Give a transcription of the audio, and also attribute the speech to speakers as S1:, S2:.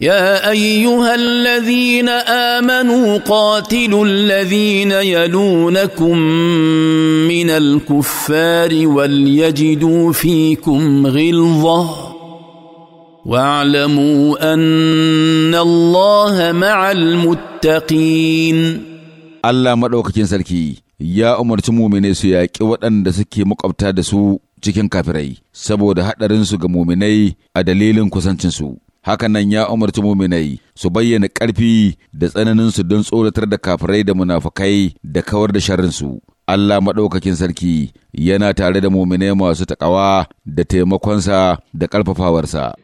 S1: يا ايها الذين امنوا قاتلوا الذين يلونكم من الكفار وليجدوا فيكم غلظه واعلموا ان الله مع المتقين الله
S2: madaukakin sarki ya umarci muminai su yaƙi waɗanda suke maƙwabta da su cikin kafirai saboda haɗarinsu ga muminai a dalilin kusancinsu hakanan ya umarci muminai su bayyana ƙarfi da tsananin su don tsoratar da kafirai da munafukai da kawar da sharrinsu. Allah maɗaukakin sarki yana tare da muminai masu taƙawa da taimakonsa da ƙarfafawarsa.